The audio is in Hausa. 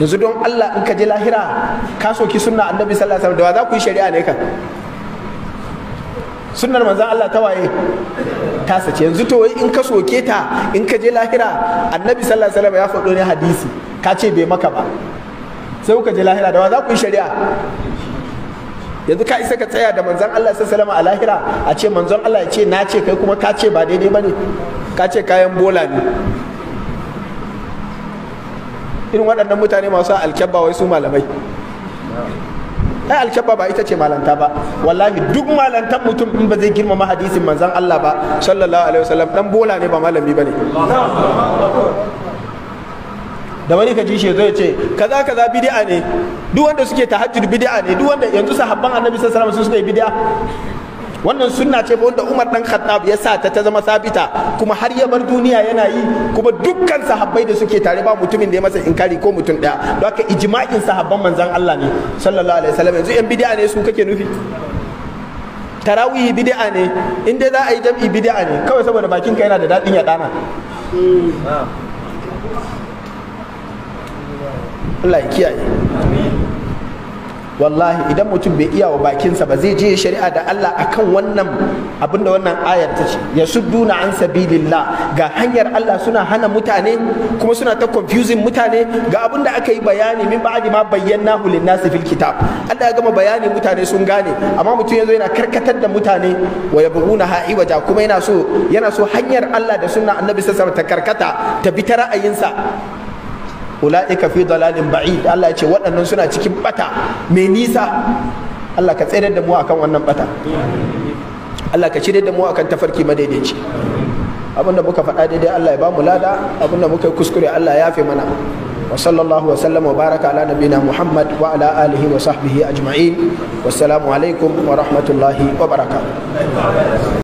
yanzu don Allah in ka je lahira ka soki sunna annabi sallallahu alaihi wasallam da wa za ku yi shari'a ne ka? sunnar manzan Allah ta waye ta sace yanzu to in ka soke ta in ka je lahira annabi sallallahu alaihi wasallam ya faɗo ne hadisi ka ce bai maka ba sai kuka je lahira da wa za ku yi shari'a yanzu ka isa ka tsaya da manzan Allah sallallahu alaihi wasallam a lahira a ce manzon Allah ya ce na ce kai kuma ka ce ba daidai bane ka ce kayan bola ne irin waɗannan mutane masu alkyabba wai su malamai ai alkyabba ba ita ce malanta ba wallahi duk malantan mutum in ba zai girmama hadisin manzan Allah ba sallallahu alaihi wasallam dan bola ne ba malami bane da wani kaji shi zai ce kaza kaza bid'a ne duk wanda suke tahajjud bid'a ne duk wanda yanzu sahabban annabi sallallahu alaihi wasallam suka yi bid'a wannan sunna ce ba wanda Umar dan Khattab ya sa ta ta zama sabita kuma har ya bar duniya yana yi kuma dukkan sahabbai da suke tare ba mutumin da ya masa inkari ko mutum daya don haka ijma'in sahabban manzon Allah ne sallallahu alaihi wasallam yanzu yan bid'a ne su kake nufi tarawih bid'a ne in dai za a yi jam'i bid'a ne kawai saboda bakin ka yana da dadin ya dana Allah ya kiyaye wallahi idan mutum bai iya wa bakinsa ba zai je shari'a da Allah akan wannan abin wannan ayar ta ce ya sudduna an sabilillah ga hanyar Allah suna hana mutane kuma suna ta confusing mutane ga abun da aka yi bayani min ba'di ma bayyana hulin nasi fil kitab Allah ya gama bayani mutane sun gane amma mutum yanzu yana karkatar da mutane wa yabghuna ha'i waja kuma yana so yana so hanyar Allah da sunna annabi sallallahu alaihi wasallam ta karkata ta bi ta ra'ayinsa ulaika fi dalalin ba'id Allah ya ce waɗannan suna cikin bata mai nisa Allah ka tsere da mu akan wannan bata Allah ka cire da mu akan tafarki madaidaici abinda muka faɗa daidai Allah ya bamu lada abinda muka yi kuskure Allah ya fi mana wa sallallahu wa sallam wa baraka ala nabina Muhammad wa ala alihi wa sahbihi ajma'in wassalamu alaikum wa rahmatullahi wa barakatuh